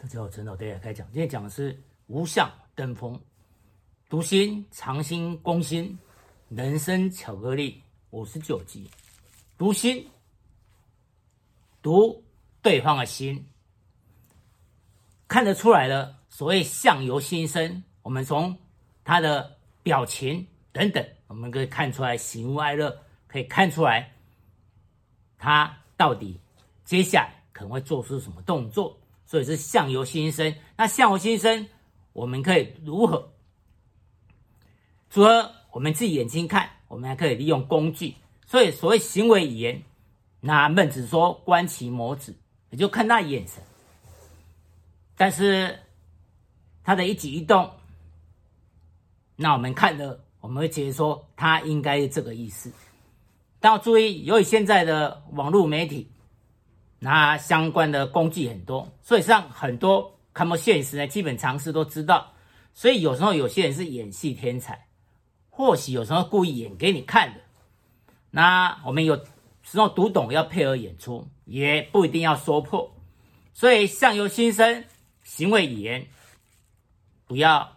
大家好，陳老爹開講。今天講的是《無相登峰：讀心、藏心、攻心》，人生巧克力五十九集。讀心，讀對方的心，看得出來的，所謂相由心生，我們從他的表情等等，我們可以看出來喜怒哀樂，可以看出來他到底接下來可能會做出什麼動作。所以是相由心生。那相由心生，我們可以如何？除了我們自己眼睛看，我們還可以利用工具。所以所謂行為語言，那孟子說“觀其眸子”，也就看他眼神。但是他的一舉一動，那我們看的，我們會覺得說他應該是這個意思。但要注意，由於現在的網絡媒體。那相關的工具很多，所以像很多 common sense 呢，基本常識都知道。所以有時候有些人是演戲天才，或許有時候故意演給你看的。那我們有時候讀懂要配合演出，也不一定要說破。所以相由心生，行為語言不要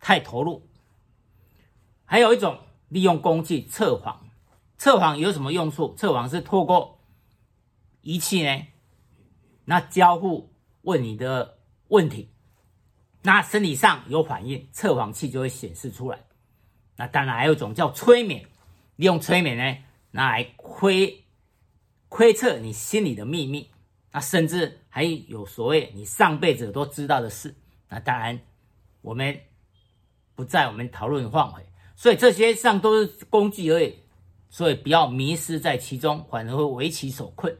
太投入。還有一種利用工具測謊，測謊有什麼用處？測謊是透過。儀器呢，那交互問你的問題，那身體上有反應，測謊器就會顯示出來。那當然還有一種叫催眠，利用催眠呢，拿來窺窺測你心裡的秘密，那甚至還有所謂你上輩子都知道的事。那當然我們不在我們討論範圍，所以這些上都是工具而已，所以不要迷失在其中，反而會為其所困。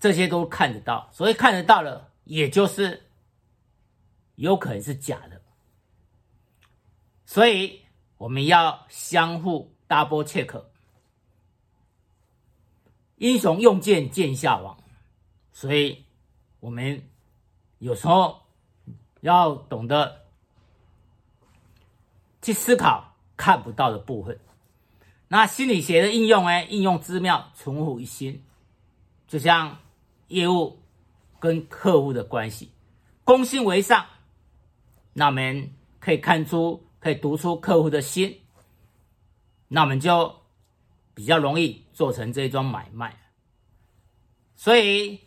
這些都看得到，所以看得到了，也就是有可能是假的，所以我們要相互 double check。英雄用劍，見下王。所以，我們有時候要懂得去思考看不到的部分。那心理學的應用呢，應用之妙，存乎一心，就像，業務跟客戶的關係，公心為上。那我們可以看出，可以讀出客戶的心，那我們就比較容易做成這一樁買賣。所以，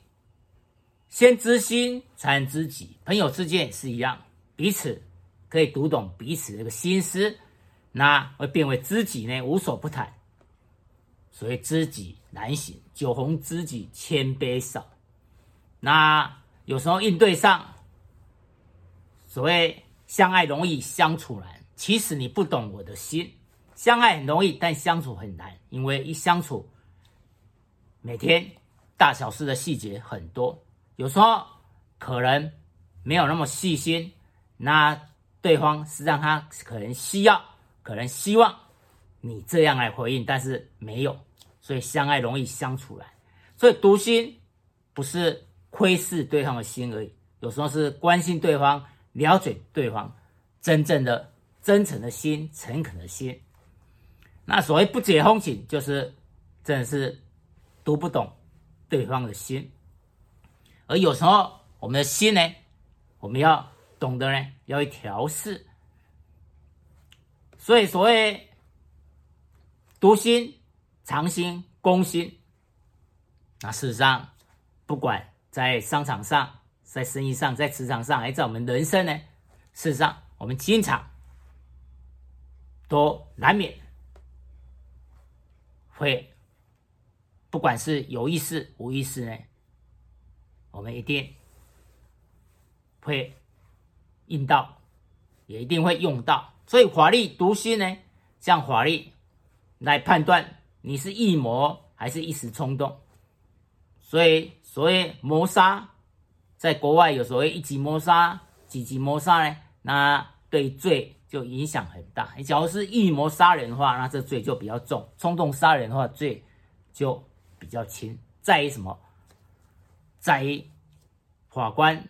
先知心才能知己。朋友之間也是一樣，彼此可以讀懂彼此的個心思，那會變為知己呢，無所不談。所謂知己難尋，酒逢知己千杯少。那有時候應對上，所謂相愛容易相處難。其實你不懂我的心，相愛很容易，但相處很難，因為一相處，每天大小事的細節很多，有時候可能沒有那麼細心。那對方是讓他可能需要，可能希望你這樣來回應，但是沒有，所以相愛容易相處難。所以讀心不是。窺視對方的心而已，有時候是關心對方、了解對方，真正的、真誠的心、誠懇的心。那所謂不解風情，就是真的是讀不懂對方的心。而有時候，我們的心呢，我們要懂得呢，要去調試。所以，所謂讀心、藏心、攻心，那事實上，不管。在商場上，在生意上，在職場上，還、哎、在我們人生呢，實上我們經常都難免會，不管是有意識無意識呢，我們一定會用到，也一定會用到。所以法麗讀心呢，像法麗來判斷你是一魔還是一時衝動。所以，所謂謀殺，在國外有所謂一級謀殺、幾級謀殺呢？那對罪就影響很大。你假如是預謀殺人的話，那這罪就比較重；衝動殺人的話，罪就比較輕。在於什麼？在於法官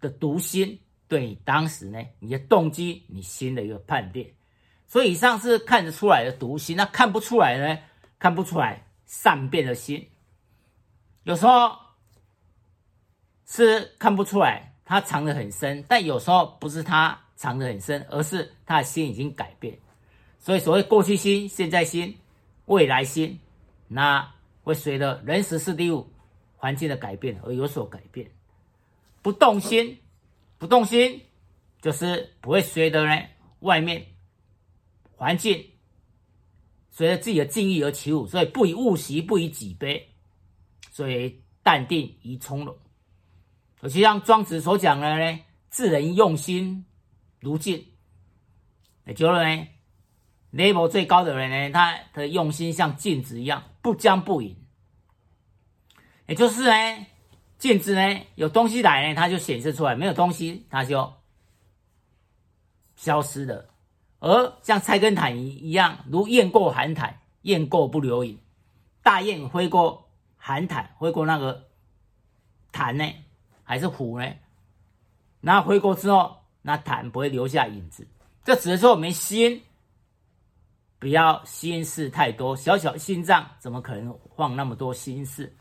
的讀心，對你當時呢，你的動機、你心的一個判定。所以，以上是看得出來的讀心。那看不出來呢？看不出來善變的心。有時候是看不出來，他藏得很深；但有時候不是他藏得很深，而是他的心已經改變。所以所謂過去心、現在心、未來心，那會隨着人時事地物環境的改變而有所改變。不動心，不動心，就是不會隨着呢外面環境隨着自己的境遇而起舞。所以不以物喜，不以己悲。所以淡定與從容，而且像莊子所講的呢，智人用心如鏡，也就是呢，level 最高的人呢，他的用心像鏡子一樣，不將不迎。也就是呢，鏡子呢，有東西來呢，它就顯示出來；沒有東西，它就消失了。而像菜根譚一樣，如雁過寒潭，雁過不留影，大雁飛過。含痰回國，過那個痰呢，還是虎呢？那回國之後，那痰不會留下影子。這只是說我們心不要心事太多，小小心臟怎麼可能放那麼多心事？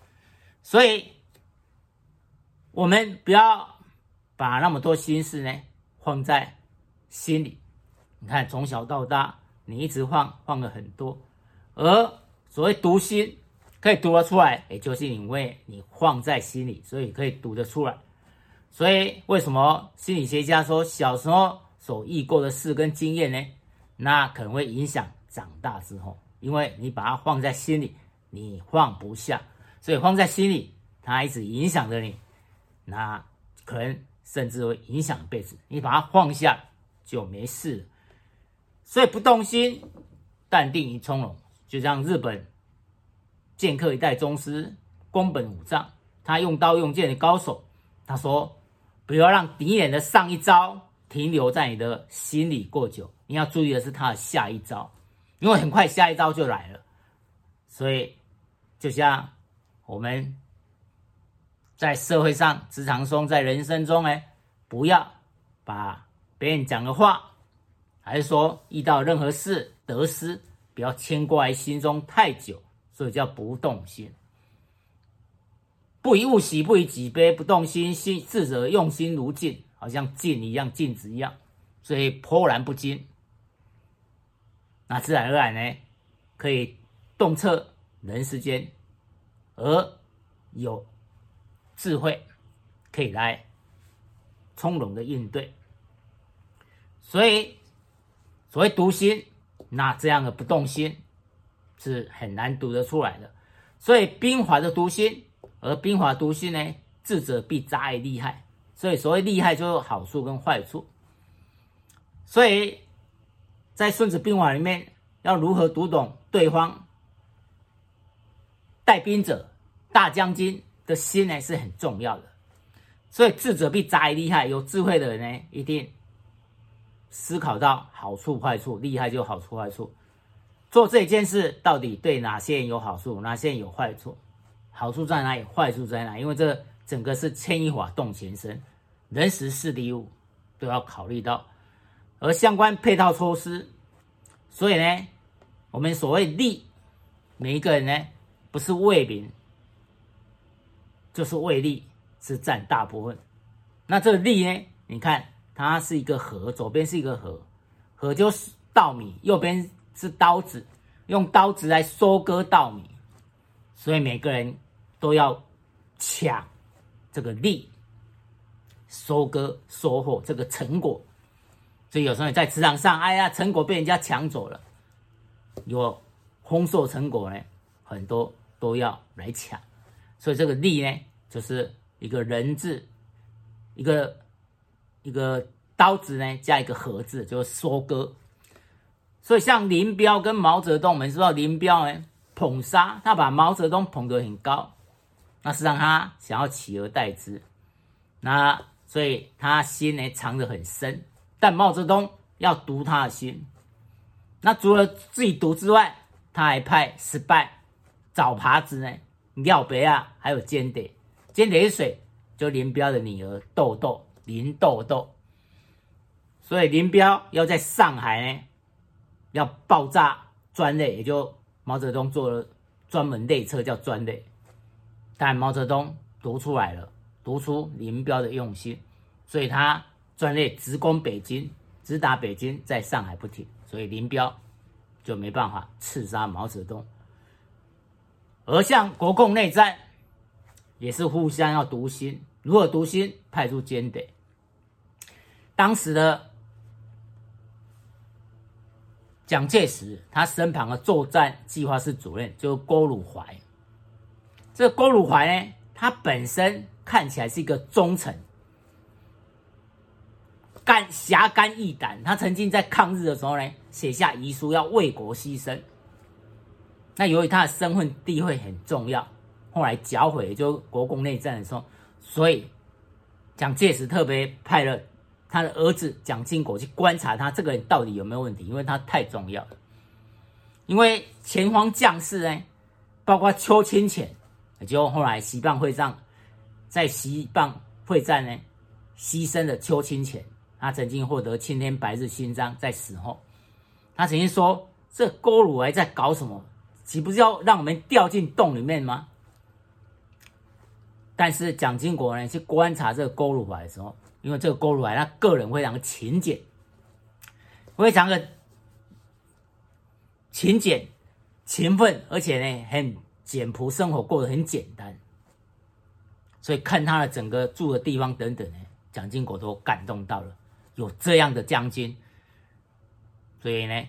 所以，我們不要把那麼多心事呢放在心裡。你看，從小到大，你一直放放了很多，而所謂讀心。可以讀得出來，也就是因為你放在心裡，所以可以讀得出來。所以為什麼心理學家說小時候所遇過的事跟經驗呢，那可能會影響長大之後，因為你把它放在心裡，你放不下，所以放在心裡，它一直影響着你。那可能甚至會影響一輩子。你把它放下就沒事了。所以不動心，淡定與從容，就像日本劍客一代宗師宮本武藏，他用刀用劍的高手。他說：“不要讓敵人的上一招停留在你的心裡過久，你要注意的是他的下一招，因為很快下一招就來了。”所以，就像我們在社會上、職場中，在人生中，哎，不要把別人講的話，還是說遇到任何事得失，不要牽掛在心中太久。所以叫不動心，不以物喜，不以己悲，不動心。心智者用心如鏡，好像鏡一樣，鏡子一樣，所以波瀾不驚。那自然而然呢，可以洞徹人世間，而有智慧，可以來從容的應對。所以所謂獨心，那這樣的不動心。是很難讀得出來的，所以兵法的讀心，而兵法讀心呢，智者必雜於利害。所以所謂利害，就是好處跟壞處。所以在《孫子兵法》裡面，要如何讀懂對方帶兵者、大將軍的心呢？是很重要的。所以智者必雜於利害，有智慧的人呢，一定思考到好處、壞處、利害就好處、壞處。做這件事到底對哪些人有好處，哪些人有壞處？好處在哪裡？壞處在哪裡？因為這整個是牽一髮動全身，人時事地物都要考慮到，而相關配套措施。所以呢，我們所謂利，每一個人呢，不是為名，就是為利，是占大部分。那這個利呢？你看，它是一個禾，左邊是一個禾，禾就是稻米，右邊是刀子。用刀子來收割稻米，所以每個人都要搶這個利，收割收穫這個成果。所以有時候你在職場上，哎呀，成果被人家搶走了，有豐碩成果呢，很多都要來搶。所以這個“利”呢，就是一個人字，一個一個刀子呢，加一個盒字，就是收割。所以，像林彪跟毛澤東，我們知道林彪呢捧殺，他把毛澤東捧得很高，那是讓他想要取而代之。那所以他心呢藏得很深，但毛澤東要讀他的心。那除了自己讀之外，他還派失敗，爪爬子呢、廖別啊，還有間諜。間諜是誰？就林彪的女兒豆豆，林豆豆。所以林彪要在上海呢。要爆炸專列，也就毛澤東坐了專門列車叫專列，但毛澤東讀出來了，讀出林彪的用心，所以他專列直攻北京，直打北京，在上海不停，所以林彪就沒辦法刺殺毛澤東。而像國共內戰，也是互相要讀心，如何讀心？派出間諜。當時的。蔣介石他身旁的作戰計劃室主任就是郭汝懷。這個、郭汝懷呢，他本身看起來是一個忠臣，干俠肝義膽。他曾經在抗日的時候呢，寫下遺書要為國犧牲。那由於他的身份地位很重要，後來剿匪，就國共內戰的時候，所以蔣介石特別派了。他的兒子蔣經國去觀察他這個人到底有沒有問題，因為他太重要了。因為前方將士呢，包括邱清泉，就後來西棒會戰，在西棒會戰呢犧牲的邱清泉，他曾經獲得青天白日勳章，在死後，他曾經說：“這郭魯來在搞什麼？豈不是要讓我們掉進洞裡面嗎？”但是蔣經國呢，去觀察這個郭魯來的時候。因為這個郭汝來，他個人非常勤儉，非常的勤儉、勤奮，而且呢很簡樸，生活過得很簡單。所以看他的整個住的地方等等呢，蔣經國都感動到了。有這樣的將軍，所以呢，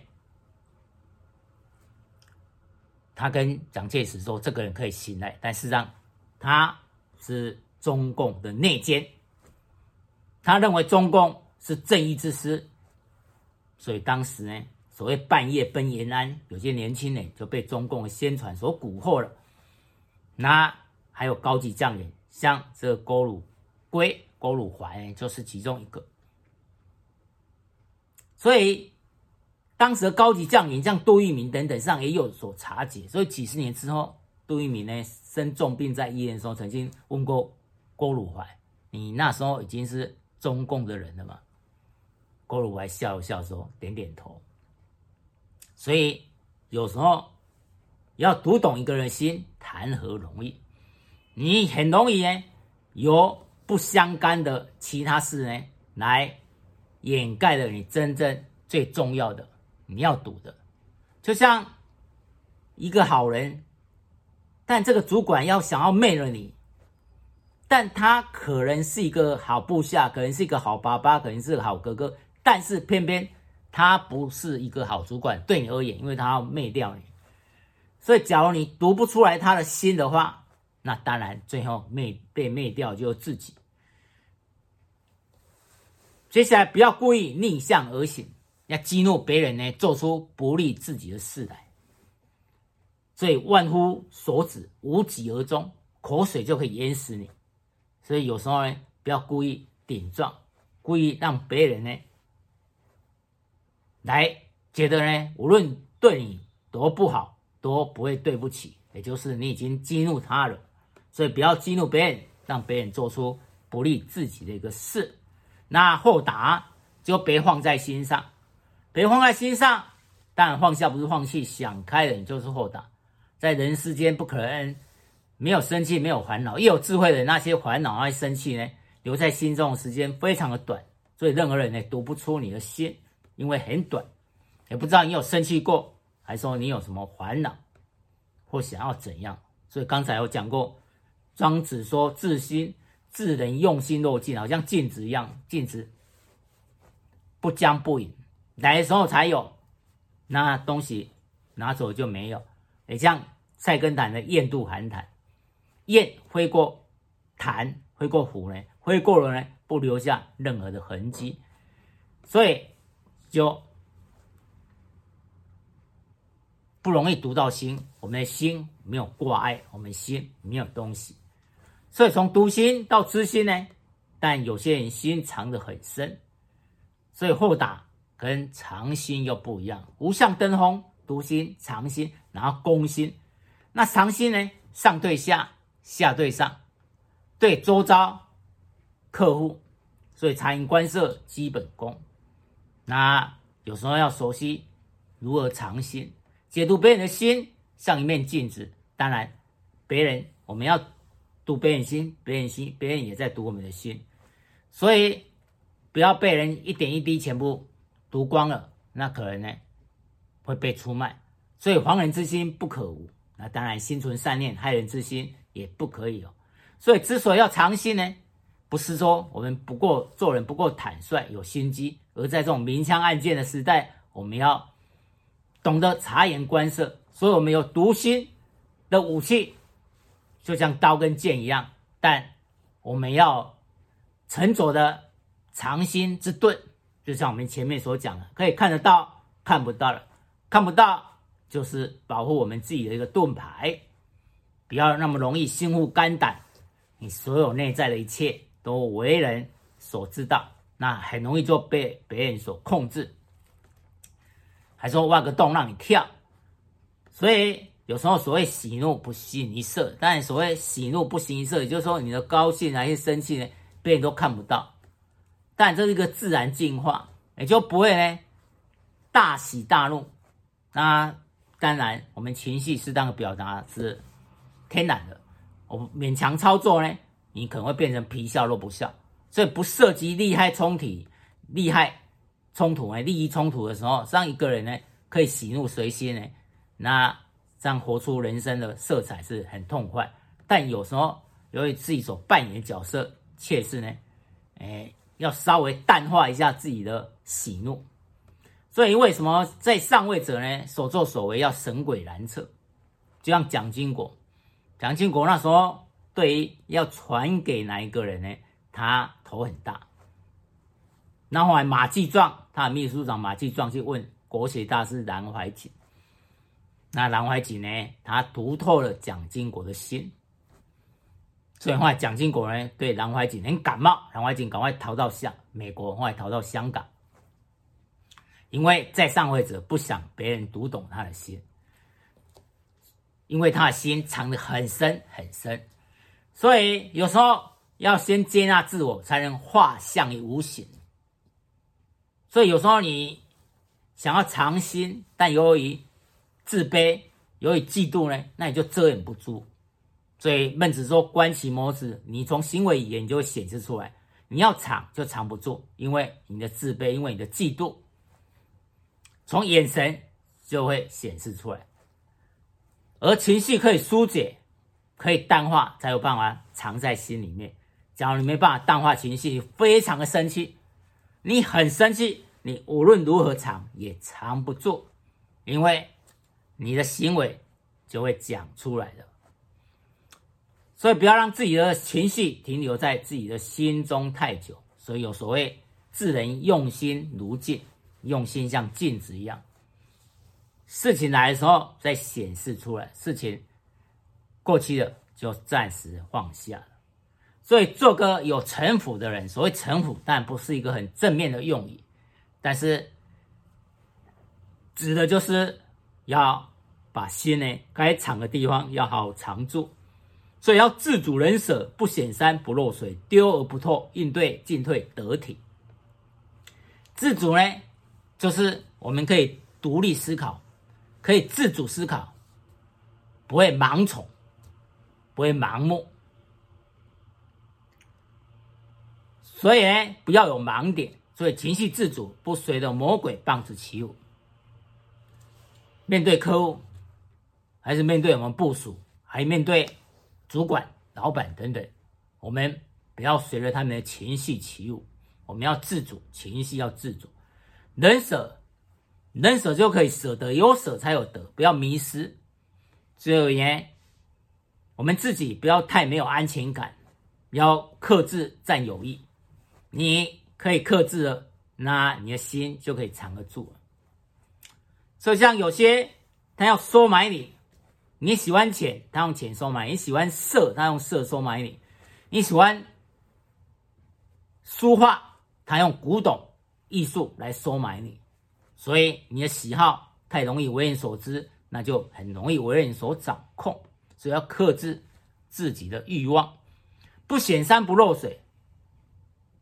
他跟蔣介石說，這個人可以信賴，但事實上他是中共的內奸。他認為中共是正義之師，所以當時呢，所謂半夜奔延安，有些年輕人就被中共的宣傳所蠱惑了。那還有高級將領，像這個郭汝瑰、郭汝懷，就是其中一個。所以當時的高級將領，像杜聿明等等，上也有所察覺。所以幾十年之後，杜聿明呢生重病在醫院的時候，曾經問過郭汝懷：“你那時候已經是。”中共的人了嘛？郭魯懷笑一笑說，點點頭。所以有時候要讀懂一個人心，談何容易？你很容易呢，由不相干的其他事呢來掩蓋了你真正最重要的你要讀的。就像一個好人，但這個主管要想要滅着你。但他可能是一個好部下，可能是一個好爸爸，可能是個好哥哥，但是偏偏他不是一個好主管，對你而言，因為他要滅掉你。所以，假如你讀不出來他的心的話，那當然最後滅被滅掉就是自己。接下來不要故意逆向而行，要激怒別人呢，做出不利自己的事來，所以萬夫所指，無疾而終，口水就可以淹死你。所以有時候呢，不要故意頂撞，故意讓別人呢來覺得呢，無論對你多不好，都不會對不起，也就是你已經激怒他了。所以不要激怒別人，讓別人做出不利自己的一個事。那豁達就別放在心上，別放在心上。但放下不是放棄，想開了就是豁達。在人世間不可能。沒有生氣，沒有煩惱，一有智慧的那些煩惱、那些生氣呢，留在心中的時間非常的短，所以任何人呢讀不出你的心，因為很短，也不知道你有生氣過，還是說你有什麼煩惱，或想要怎樣。所以剛才我講過，莊子說“自心自能，用心若盡好像鏡子一樣，鏡子不將不隱，來的時候才有，那東西拿走就沒有。你像塞根坦的豔度寒潭》。雁飛過，潭飛過湖呢，飛過了呢，不留下任何的痕跡，所以就不容易讀到心。我們的心沒有掛礙，我們的心沒有東西，所以從讀心到知心呢，但有些人心藏得很深，所以後打跟藏心又不一樣。無相登風讀心藏心，然後攻心。那藏心呢，上對下。下對上，對周遭客戶，所以察言觀色基本功。那有時候要熟悉如何藏心，解讀別人的心像一面鏡子。當然，別人我們要讀別人心，別人心，別人也在讀我們的心。所以不要被人一點一滴全部讀光了，那可能呢會被出賣。所以防人之心不可無。那當然心存善念，害人之心。也不可以哦，所以之所以要藏心呢，不是說我們不夠做人不夠坦率有心機，而在這種明槍暗箭的時代，我們要懂得察言觀色，所以我們有讀心的武器，就像刀跟劍一樣，但我們要沉着的藏心之盾，就像我們前面所講的，可以看得到，看不到了，看不到就是保護我們自己的一個盾牌。不要那麼容易心腹肝膽，你所有內在的一切都為人所知道，那很容易就被別人所控制，還說挖個洞讓你跳，所以有時候所謂喜怒不形於色，但所謂喜怒不形於色，也就是說你的高興還是生氣呢，別人都看不到，但這是一個自然進化，也就不會呢大喜大怒。那當然，我們情緒適當的表達是。天然的，我勉強操作呢，你可能會變成皮笑肉不笑。所以不涉及利害衝突、利害衝突、利益衝突的時候，讓一個人呢可以喜怒隨心呢，那這樣活出人生的色彩是很痛快。但有時候由於自己所扮演的角色，確實呢，哎、欸，要稍微淡化一下自己的喜怒。所以為什麼在上位者呢，所作所為要神鬼難測？就像蔣經國。蔣經國那時候對於要傳給哪一個人呢？他頭很大。那後來馬紀壯，他的秘書長馬紀壯去問國學大師南懷瑾。那南懷瑾呢，他讀透了蔣經國的心，所以後來蔣經國呢對南懷瑾很感冒，南懷瑾趕快逃到香美國，後來逃到香港，因為在上位者不想別人讀懂他的心。因為他的心藏得很深很深，所以有時候要先接納自我，才能化相於無形。所以有時候你想要藏心，但由於自卑、由於嫉妒呢，那你就遮掩不住。所以孟子說：“觀其眸子，你從行為語言就會顯示出來。你要藏就藏不住，因為你的自卑，因為你的嫉妒，從眼神就會顯示出來。”而情緒可以紓解，可以淡化，才有辦法藏在心裡面。假如你沒辦法淡化情緒，非常的生氣，你很生氣，你無論如何藏也藏不住，因為你的行為就會講出來的。所以不要讓自己的情緒停留在自己的心中太久。所以有所謂“至人用心如鏡”，用心像鏡子一樣。事情來的時候再顯示出來，事情過期了就暫時放下了。所以做個有城府的人，所謂城府，但不是一個很正面的用語，但是指的就是要把心呢該藏的地方要好好藏住。所以要自主、忍捨，不顯山不露水，丟而不透，應對進退得體。自主呢，就是我們可以獨立思考。可以自主思考，不會盲從，不會盲目，所以呢不要有盲點。所以情緒自主，不隨着魔鬼棒子起舞。面對客戶，還是面對我們部署，還面對主管、老闆等等，我們不要隨着他們的情緒起舞。我們要自主，情緒要自主，能捨。能捨就可以捨得，有捨才有得。不要迷失，所以呢，我們自己不要太沒有安全感，要克制占有慾。你可以克制了，那你的心就可以藏得住了。就像有些他要收買你，你喜歡錢，他用錢收買你；喜歡色，他用色收買你；你喜歡書畫，他用古董藝術來收買你。所以你的喜好，太容易為人所知，那就很容易為人所掌控。所以要克制自己的慾望，不顯山不露水，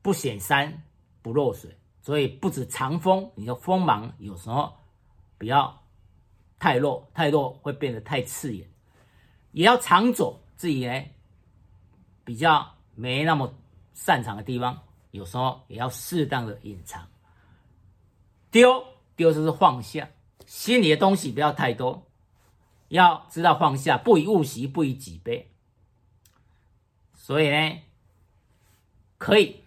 不顯山不露水。所以不止藏鋒，你的鋒芒有時候不要太露，太露會變得太刺眼。也要藏拙自己呢，比較沒那麼擅長的地方，有時候也要適當的隱藏。丟。第二就是放下，心裡的東西不要太多，要知道放下，不以物喜，不以己悲。所以呢，可以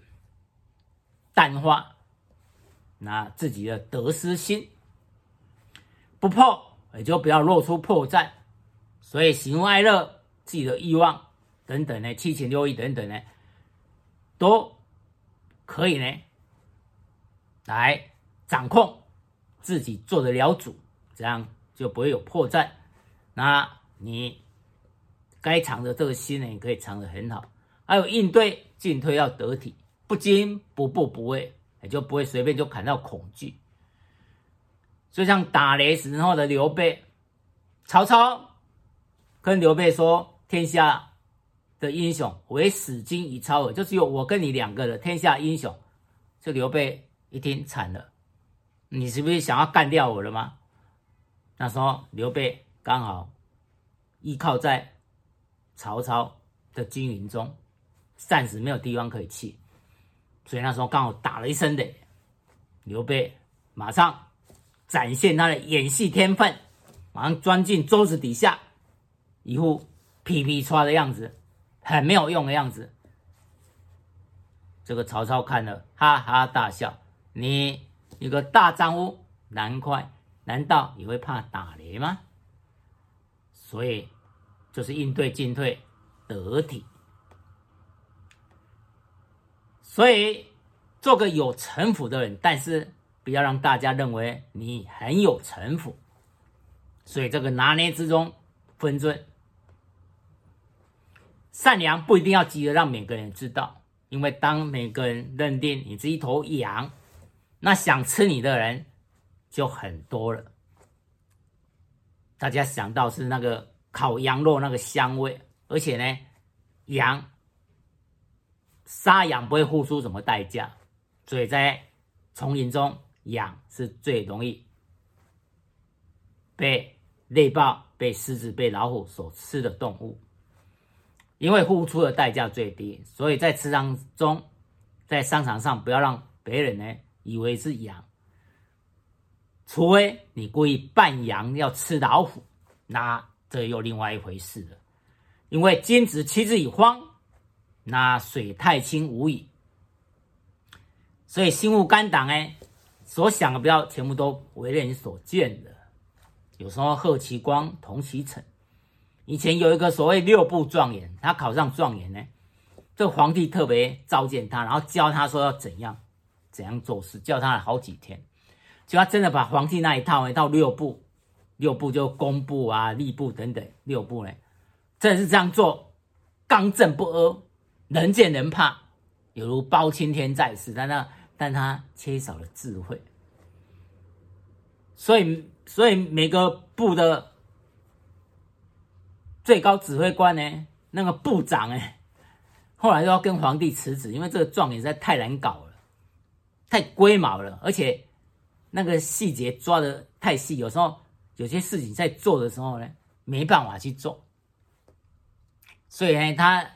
淡化那自己的得失心，不破也就不要露出破綻。所以喜怒哀樂、自己的慾望等等呢，七情六欲等等呢，都可以呢來掌控。自己做得了主，這樣就不會有破綻。那你該藏的這個心呢，也可以藏得很好。還有應對進退要得體，不驚不怖不畏，也就不會隨便就感到恐懼。就像打雷時候的劉備，曹操跟劉備說：“天下的英雄，唯使今已超耳，就只有我跟你兩個的天下英雄，這劉備一聽慘了。你是不是想要幹掉我了嗎？那時候劉備剛好依靠在曹操的軍營中，暫時沒有地方可以去，所以那時候剛好打了一聲的劉備，馬上展現他的演戲天分，馬上鑽進桌子底下，一副皮皮剉的樣子，很沒有用的樣子。這個曹操看了哈哈大笑，你。一個大帳屋，難怪，難道你會怕打雷嗎？所以，就是應對進退得體。所以，做個有城府的人，但是不要讓大家認為你很有城府。所以，這個拿捏之中分寸，善良不一定要急着讓每個人知道，因為當每個人認定你是一頭羊。那想吃你的人就很多了。大家想到是那個烤羊肉那個香味，而且呢，羊殺羊不會付出什麼代價，所以在叢林中，羊是最容易被獵豹、被獅子、被老虎所吃的動物，因為付出的代價最低，所以在吃場中，在商場上不要讓別人呢。以為是羊，除非你故意扮羊要吃老虎，那這又另外一回事了。因為君子欺之以方，那水太清無魚，所以心腹肝膽哎，所想的不要全部都為人所見的。有時候和其光同其塵，以前有一個所謂六部狀元，他考上狀元呢，這皇帝特別召見他，然後教他說要怎樣。怎樣做事？叫他了好幾天，就他真的把皇帝那一套哎，到六部，六部就工部啊、吏部等等六部呢，真的是這樣做，剛正不阿，人見人怕，猶如包青天在世。但他但他缺少了智慧，所以所以每個部的最高指揮官呢，那個部長呢，後來都要跟皇帝辭職，因為這個狀元實在太難搞了。太龜毛了，而且那個細節抓得太細，有時候有些事情在做的時候呢，沒辦法去做。所以呢，他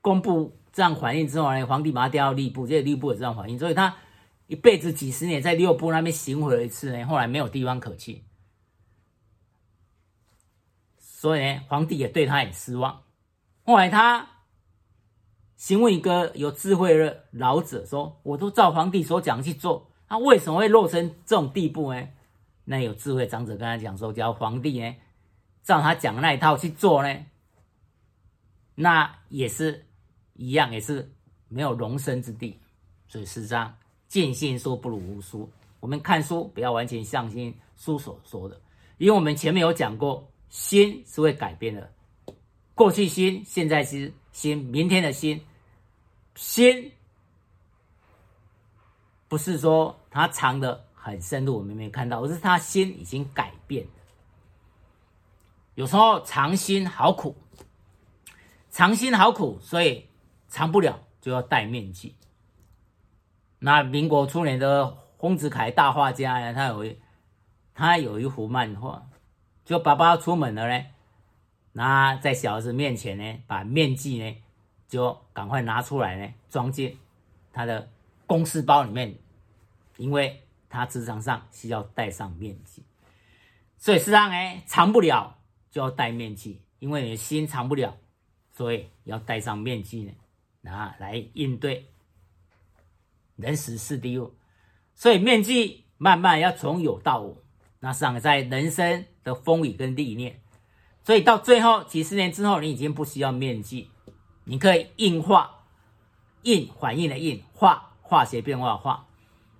公布這樣反應之後呢，皇帝把他調到吏部，這個吏部的這樣反應。所以他一輩子幾十年在六部那邊行回了一次呢，後來沒有地方可去。所以呢，皇帝也對他很失望，後來他。請問一個有智慧的老者說：“我都照皇帝所講去做，他、啊、為什麼會落成這種地步呢？”那有智慧長者跟他講說：“只要皇帝呢，照他講的那一套去做呢，那也是一樣，也是沒有容身之地。”所以十上見信說不如無書。我們看書不要完全相信書所說的，因為我們前面有講過，心是會改變的，過去心，現在心。心，明天的心，心不是說他藏的很深入，我們沒看到，而是他心已經改變。有時候藏心好苦，藏心好苦，所以藏不了就要戴面具。那民國初年的豐子愷大畫家呀，他有一他有一幅漫畫，就爸爸要出門了呢。那在小孩子面前呢，把面具呢就趕快拿出來呢，裝進他的公式包裡面，因為他職場上需要戴上面具。所以事實上呢，藏不了就要戴面具，因為你的心藏不了，所以要戴上面具呢，那來應對人是事的。所以面具慢慢要從有到無，那是在人生的風雨跟歷練。所以到最後幾十年之後，你已經不需要面具，你可以應化、應反應的應、化化學變化的化，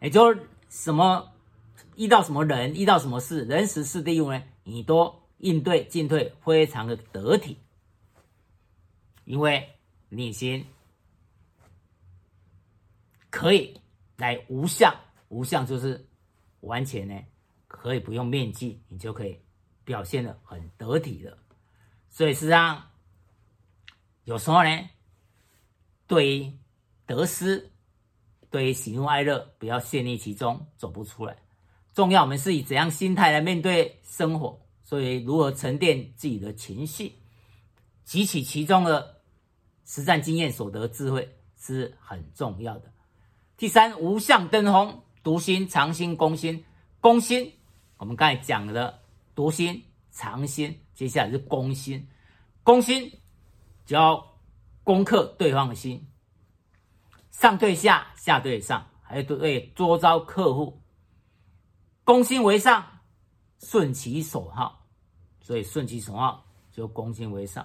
也、欸、就什麼遇到什麼人、遇到什麼事、人時事地物呢，你都應對進退非常的得體，因為你先可以來無相，無相就是完全呢、欸、可以不用面具，你就可以。表現的很得體的，所以實際上有時候呢，對於得失，對於喜怒哀樂，不要陷溺其中，走不出來。重要，我們是以怎樣心態來面對生活？所以，如何沉澱自己的情緒，汲取其中的實戰經驗所得智慧是很重要的。第三，無相登峰，讀心、藏心、攻心。攻心，我們剛才講了。讀心、藏心，接下來是攻心。攻心就要攻克對方的心，上對下，下對上，還有對周遭客戶。攻心為上，順其所好。所以順其所好就攻心為上。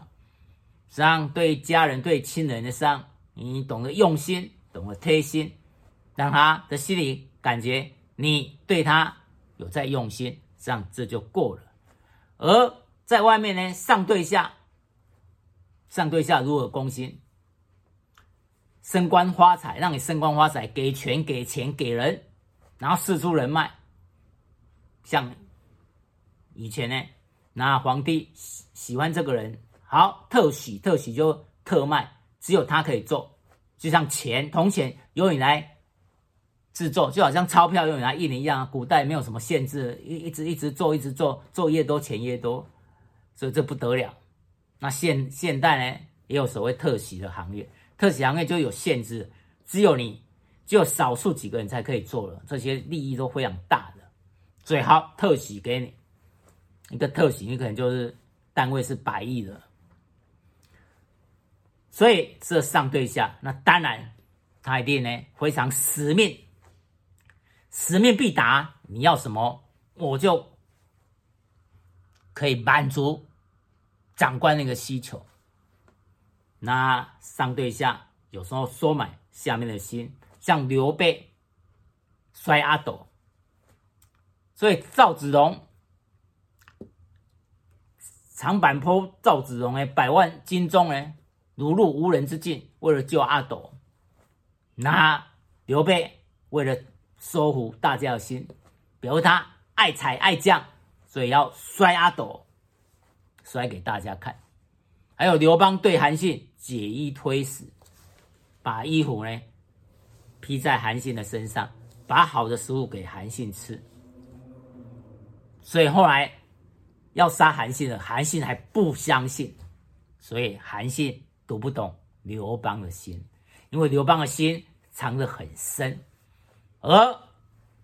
實際上對家人、對親人的上，你懂得用心，懂得貼心，讓他的心裡感覺你對他有在用心。這樣這就夠了，而在外面呢，上對下，上對下如何攻心，升官發財，讓你升官發財，給權給錢給人，然後四處人脈。像以前呢，那皇帝喜喜歡這個人，好，特許特許就特賣，只有他可以做，就像錢銅錢由你來。製作就好像鈔票用來印一,一樣啊，古代沒有什麼限制，一一直一直做，一直做，做越多錢越多，所以這不得了。那現現代呢，也有所謂特許的行業，特許行業就有限制，只有你，只有少數幾個人才可以做了，這些利益都非常大的。最好特許給你一個特許，你可能就是單位是百億的。所以這上對下，那當然他一定呢非常使命。使命必達，你要什麼我就可以滿足長官那個需求。那上對下有時候收買下面的心，像劉備摔阿斗，所以趙子龍長坂坡，趙子龍的百萬軍中呢，如入無人之境，為了救阿斗。那劉備為了。收服大家的心，比如他愛才愛將，所以要摔阿斗，摔給大家看。還有劉邦對韓信解衣推食，把衣服呢披在韓信的身上，把好的食物給韓信吃。所以後來要殺韓信了，韓信還不相信，所以韓信讀不懂劉邦的心，因為劉邦的心藏得很深。而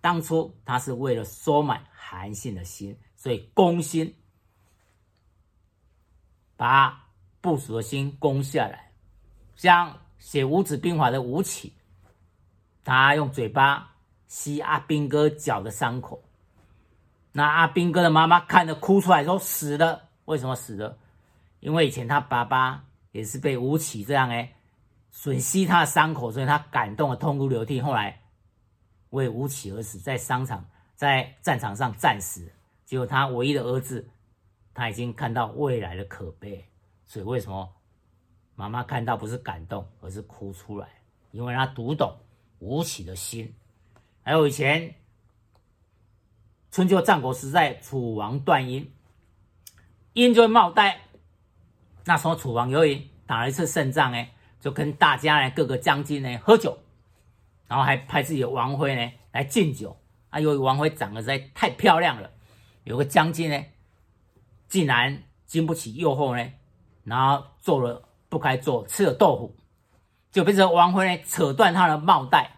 當初他是為了收買韓信的心，所以攻心，把部屬的心攻下來。像寫《吳子兵法》的吳起，他用嘴巴吸阿兵哥腳的傷口，那阿兵哥的媽媽看着哭出來，說死了。為什麼死了？因為以前他爸爸也是被吳起這樣哎吮吸他的傷口，所以他感動的痛哭流涕。後來。為吳起而死，在商場、在戰場上戰死，結果他唯一的兒子，他已經看到未來的可悲，所以為什麼媽媽看到不是感動，而是哭出來？因為他讀懂吳起的心。還有以前春秋戰國時代，楚王段英，英就會冒代，那時候楚王由於打了一次勝仗呢，就跟大家呢各個將軍呢喝酒。然後還派自己的王妃呢來敬酒，啊，由於王妃長得實在太漂亮了。有個將軍呢，竟然經不起誘惑呢，然後做了不該做，吃了豆腐，就變成王妃呢扯斷他的帽帶。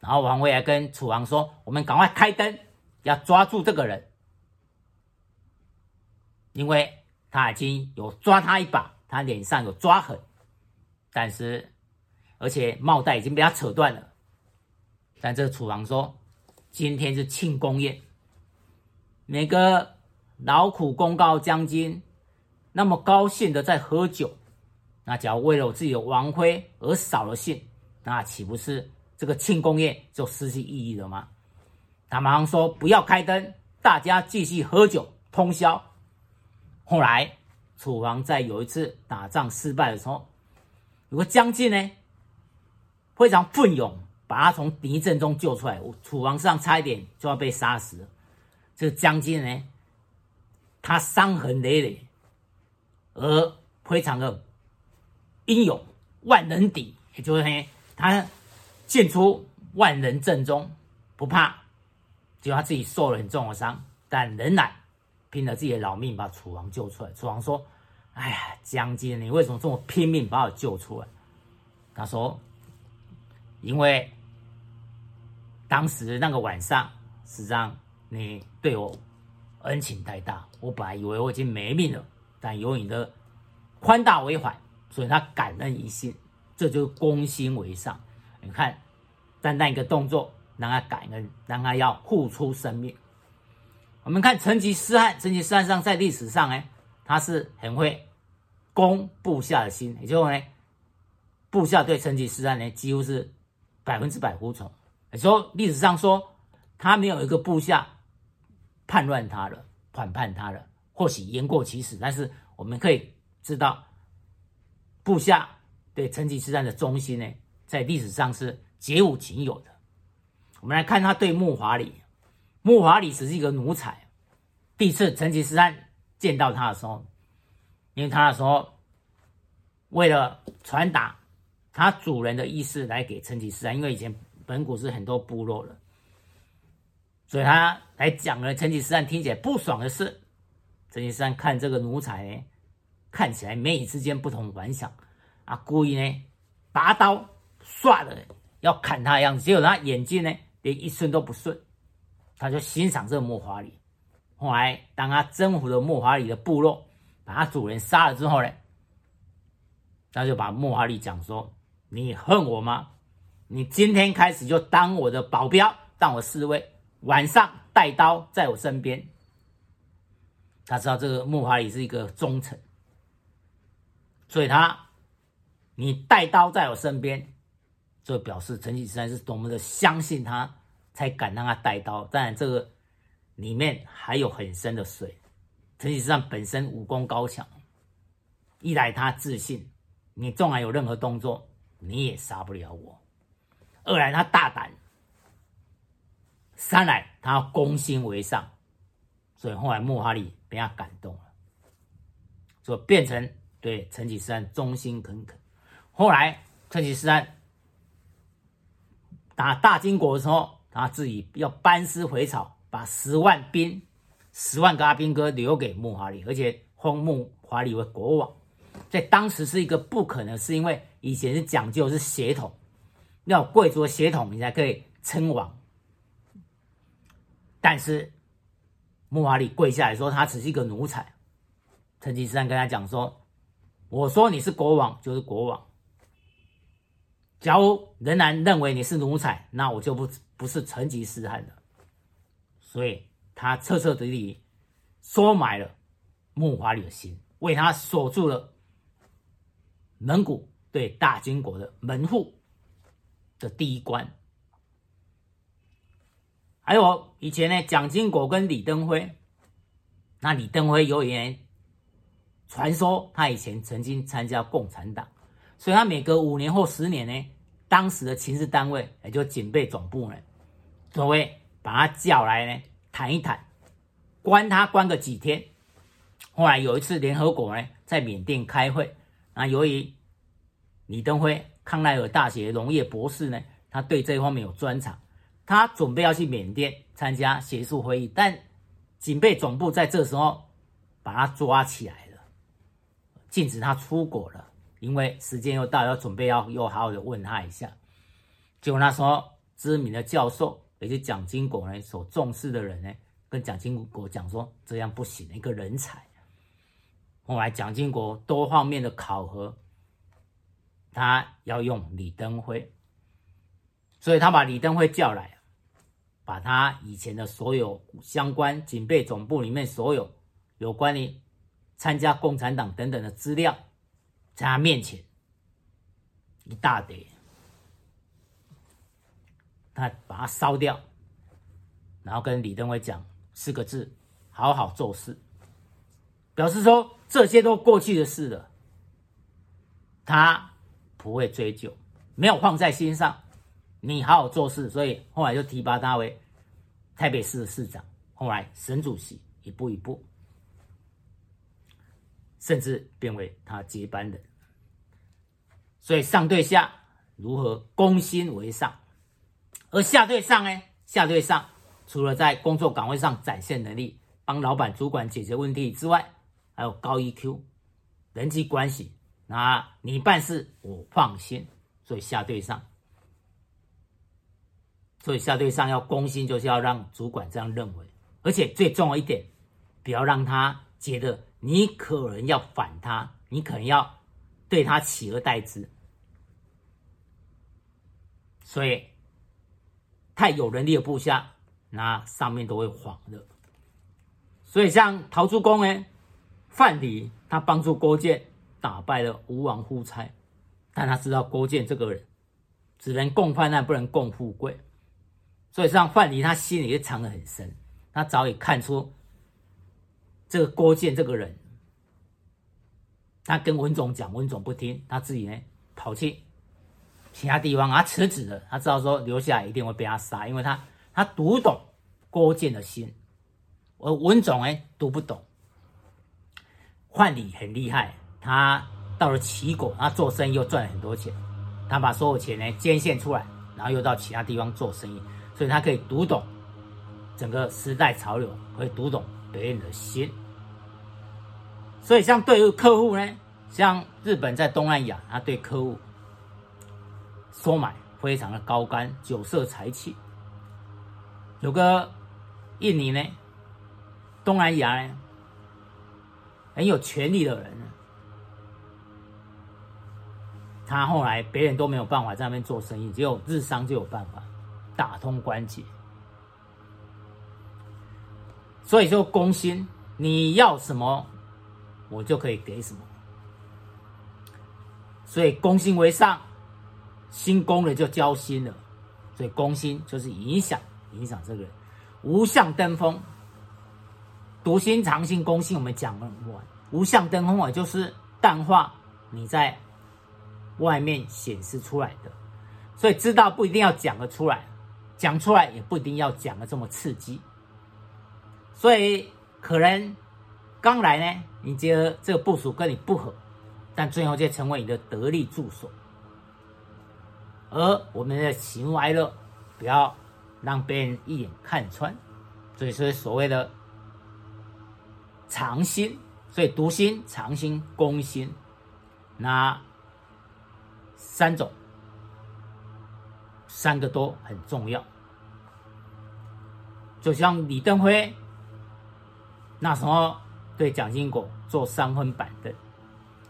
然後王妃還跟楚王說：“我們趕快開燈，要抓住這個人，因為他已經有抓他一把，他臉上有抓痕，但是而且帽帶已經被他扯斷了。”但這個楚王說：“今天是慶功宴，每個勞苦功高將軍那麼高興的在喝酒，那假如為了我自己的王妃而掃了興，那豈不是這個慶功宴就失去意義了嗎？”他馬上說：“不要開燈，大家繼續喝酒通宵。”後來楚王在有一次打仗失敗的時候，有個將軍呢非常奮勇。把他從敵陣中救出來我，楚王上差一點就要被殺死了。這個將軍呢，他傷痕累累，而非常的英勇，萬人敵，也就是他進出萬人陣中，不怕，就他自己受了很重的傷，但仍然拼了自己的老命把楚王救出來。楚王說：“哎呀，將軍，你為什麼這麼拼命把我救出來？”他說：“因為。”當時那個晚上，實際上你對我恩情太大。我本來以為我已經沒命了，但由於你的寬大為懷，所以他感恩一心，這就是攻心為上。你看，單單一個動作，讓他感恩，讓他要付出生命。我們看成吉思汗，成吉思汗上在歷史上呢，他是很會攻部下的心，也就呢，部下對成吉思汗呢幾乎是百分之百服從。說歷史上說他沒有一個部下叛亂他了，反叛他了，或許言過其實，但是我們可以知道，部下對成吉思汗的忠心呢，在歷史上是絕無僅有的。我們來看他對木華里，木華里只是一個奴才。第一次成吉思汗見到他的時候，因為他的時候為了傳達他主人的意思來給成吉思汗，因為以前。蒙古是很多部落的，所以他來講呢，成吉思汗聽起來不爽的事，成吉思汗看這個奴才，看起來眉宇之間不同凡響啊，故意呢拔刀唰的要砍他的樣子，結果他眼睛呢連一瞬都不瞬，他就欣賞這個木華黎。後來當他征服了木華黎的部落，把他主人殺了之後呢，他就把木華黎講說：“你恨我嗎？”你今天開始就當我的保鏢，當我侍衛，晚上帶刀在我身邊。他知道這個木華黎是一個忠臣，所以他，你帶刀在我身邊，就表示成吉思汗是多麼的相信他，才敢讓他帶刀。當然，這個裡面還有很深的水。成吉思汗本身武功高強，一來他自信，你縱然有任何動作，你也殺不了我。二來他大膽，三來他要攻心為上，所以後來木華黎被他感動了，就變成對成吉思汗忠心耿耿。後來成吉思汗打大金國的時候，他自己要班師回朝，把十萬兵、十萬個阿兵哥留給木華黎，而且封木華黎為國王，在當時是一個不可能，是因為以前是講究是血統。要貴族的血統，你才可以稱王。但是木華里跪下來說，他只是一個奴才。成吉思汗跟他講說：“我說你是國王，就是國王。假如仍然認為你是奴才，那我就不不是成吉思汗了。”所以，他徹徹底底收買了木華里的心，為他鎖住了蒙古對大金國的門戶。的第一關，還有以前呢，蔣經國跟李登輝，那李登輝有演傳說，他以前曾經參加共產黨，所以他每隔五年或十年呢，當時的情事單位也就警備總部呢，所謂把他叫來呢談一談，關他關個幾天，後來有一次聯合國呢在緬甸開會，那由於李登輝。康奈爾大學農業博士呢，他對這方面有專長。他準備要去緬甸參加學術會議，但警備總部在這時候把他抓起來了，禁止他出國了。因為時間又到，要準備要又好好的問他一下。結果那時候，知名的教授，也就是蔣經國呢所重視的人呢，跟蔣經國講說這樣不行，一個人才。後來蔣經國多方面的考核。他要用李登輝，所以他把李登輝叫來，把他以前的所有相關警備總部裡面所有有關於參加共產黨等等的資料，在他面前一大堆，他把它燒掉，然後跟李登輝講四個字：“好好做事”，表示說這些都過去的事了，他不會追究，沒有放在心上，你好好做事，所以後來就提拔他為台北市的市長。後來，沈主席一步一步，甚至變為他接班人。所以上對下如何攻心為上，而下對上呢？下對上除了在工作崗位上展現能力，幫老闆主管解決問題之外，還有高 EQ，人際關係。那你辦事，我放心。所以下對上，所以下對上要公心，就是要讓主管這樣認為。而且最重要一點，不要讓他覺得你可能要反他，你可能要對他起而代之。所以，太有能力的部下，那上面都會慌的。所以像陶朱公呢，范蠡，他幫助勾踐，打敗了吳王夫差，但他知道勾踐這個人，只能共患難，不能共富貴，所以樣范蠡，他心裡也藏得很深。他早已看出這個勾踐這個人，他跟文種講，文種不聽，他自己呢，跑去其他地方啊，辭職了。他知道說留下來一定會被他殺，因為他他讀懂勾踐的心，而文種呢，讀不懂。范蠡很厲害。他到了齊國，他做生意又賺了很多錢，他把所有錢呢捐獻出來，然後又到其他地方做生意，所以他可以讀懂整個時代潮流，可以讀懂別人的心。所以像對於客戶呢，像日本在東南亞，他對客戶收買非常的高竿，酒色財氣。有個印尼呢，東南亞呢，很有權力的人。他後來別人都沒有辦法在那邊做生意，只有日商就有辦法打通關節。所以就公心，你要什麼我就可以給什麼。所以公心為上，心工了就交心了。所以公心就是影響影響這個人。無相登峰，獨心長心，公心我們講完。無相登峰也就是淡化你在，外面顯示出來的，所以知道不一定要講得出來，講出來也不一定要講得這麼刺激。所以可能剛來呢，你覺得這個部署跟你不合，但最後卻成為你的得力助手。而我們的喜怒哀樂，不要讓別人一眼看穿，所以所謂的藏心，所以讀心、藏心、攻心，那。三種，三個都很重要。就像李登輝那時候對蔣經國坐三分板凳，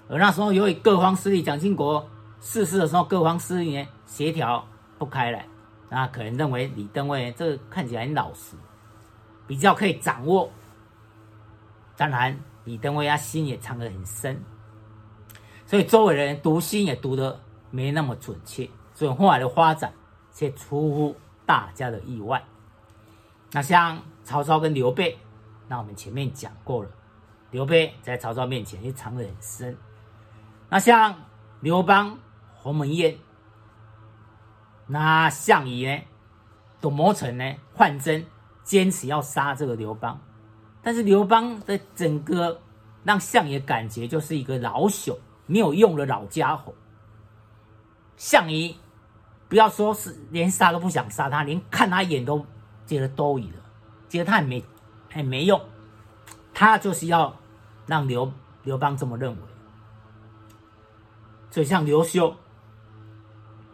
而那時候由於各方勢力，蔣經國逝世的時候各方勢力協調不開來，那可能認為李登輝這個看起來很老實，比較可以掌握。當然，李登輝他心也藏得很深，所以周圍人讀心也讀得。沒那麼準確，所以後來的發展卻出乎大家的意外。那像曹操跟劉備，那我們前面講過了，劉備在曹操面前也藏得很深。那像劉邦鴻門宴，那項羽呢？董謀臣呢？范增堅持要殺這個劉邦，但是劉邦的整個讓項羽感覺就是一個老朽沒有用的老家伙。項羽，不要說是連殺都不想殺他，連看他一眼都覺得多餘了，覺得他還沒，很沒用。他就是要讓劉劉邦這麼認為。所以像劉秀，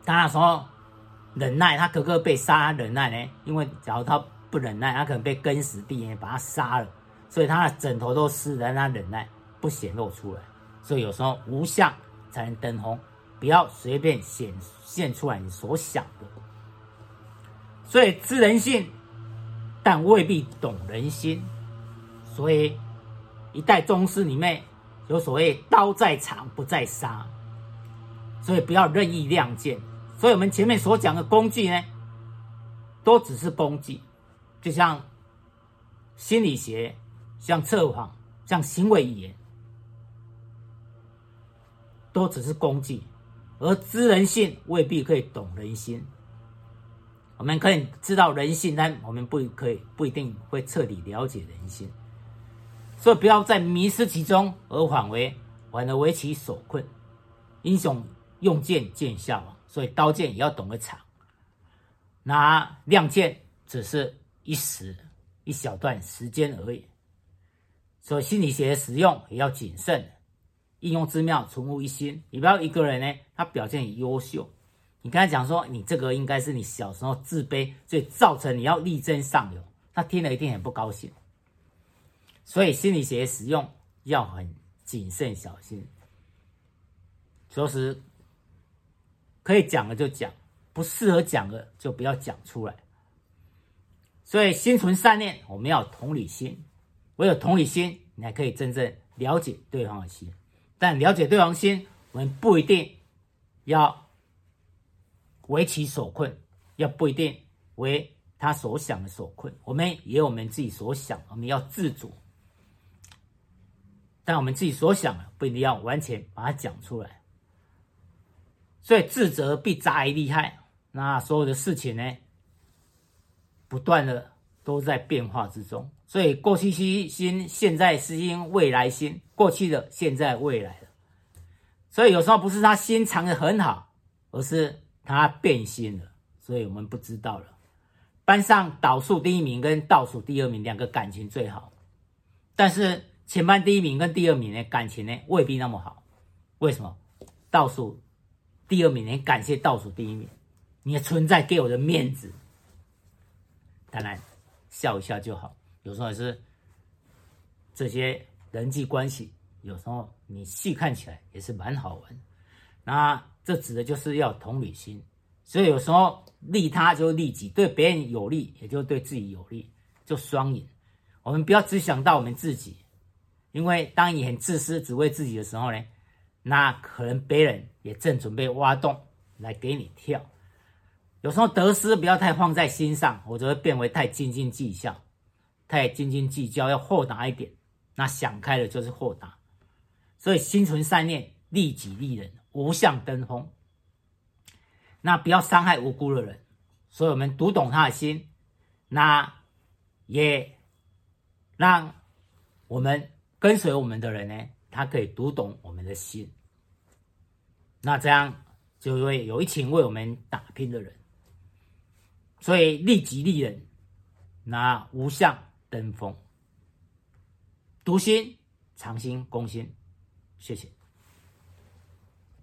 他那時候忍耐，他哥哥被殺，他忍耐呢，因為只要他不忍耐，他可能被跟死斃，把他殺了。所以他的枕頭都濕了，但他忍耐，不顯露出來。所以有時候無相才能登峰。不要隨便顯現出來你所想的，所以知人性，但未必懂人心。所以一代宗師裡面有所謂“刀在長不在殺”，所以不要任意亮劍。所以我們前面所講的工具呢，都只是工具，就像心理學、像測謊、像行為語言，都只是工具。而知人性未必可以懂人心，我們可以知道人性，但我們不可以不一定會徹底了解人心，所以不要再迷失其中而為，而反為反而為其所困。英雄用劍見效，所以刀劍也要懂得藏。那亮劍只是一時一小段時間而已。所以心理學的使用也要謹慎。應用之妙，存乎一心。你不要一個人呢，他表現很優秀。你跟他講說，你這個應該是你小時候自卑，所以造成你要力爭上游。他聽了一定很不高興。所以心理學的使用要很謹慎小心。確實，可以講的就講，不適合講的就不要講出來。所以心存善念，我們要有同理心。唯有同理心，你才可以真正了解對方的心。但了解對方心，我們不一定要為其所困，要不一定為他所想的所困。我們也有我們自己所想，我們要自主。但我們自己所想的，不一定要完全把它講出來。所以自責必災厲害。那所有的事情呢，不斷的都在變化之中。所以過去心、現在心、未來心，過去的、現在、未來的，所以有時候不是他心藏的很好，而是他變心了，所以我們不知道了。班上倒數第一名跟倒數第二名兩個感情最好，但是全班第一名跟第二名呢，感情呢未必，那麼好。為什麼？倒數第二名呢，感謝倒數第一名，你的存在給我的面子，當然笑一笑就好。有時候也是，這些人際關係，有時候你細看起來也是蠻好玩。那這指的就是要同理心，所以有時候利他就利己，對別人有利，也就對自己有利，就雙贏。我們不要只想到我們自己，因為當你很自私，只為自己的時候呢，那可能別人也正準備挖洞來給你跳。有時候得失不要太放在心上，我覺得會變為太斤斤計較。太斤斤計較，要豁達一點。那想開了就是豁達，所以心存善念，利己利人，無相登峰。那不要傷害無辜的人。所以我們讀懂他的心，那也讓我們跟隨我們的人呢，他可以讀懂我們的心。那這樣就會有一群為我們打拼的人。所以利己利人，那無相登峰，讀心、藏心、攻心，謝謝。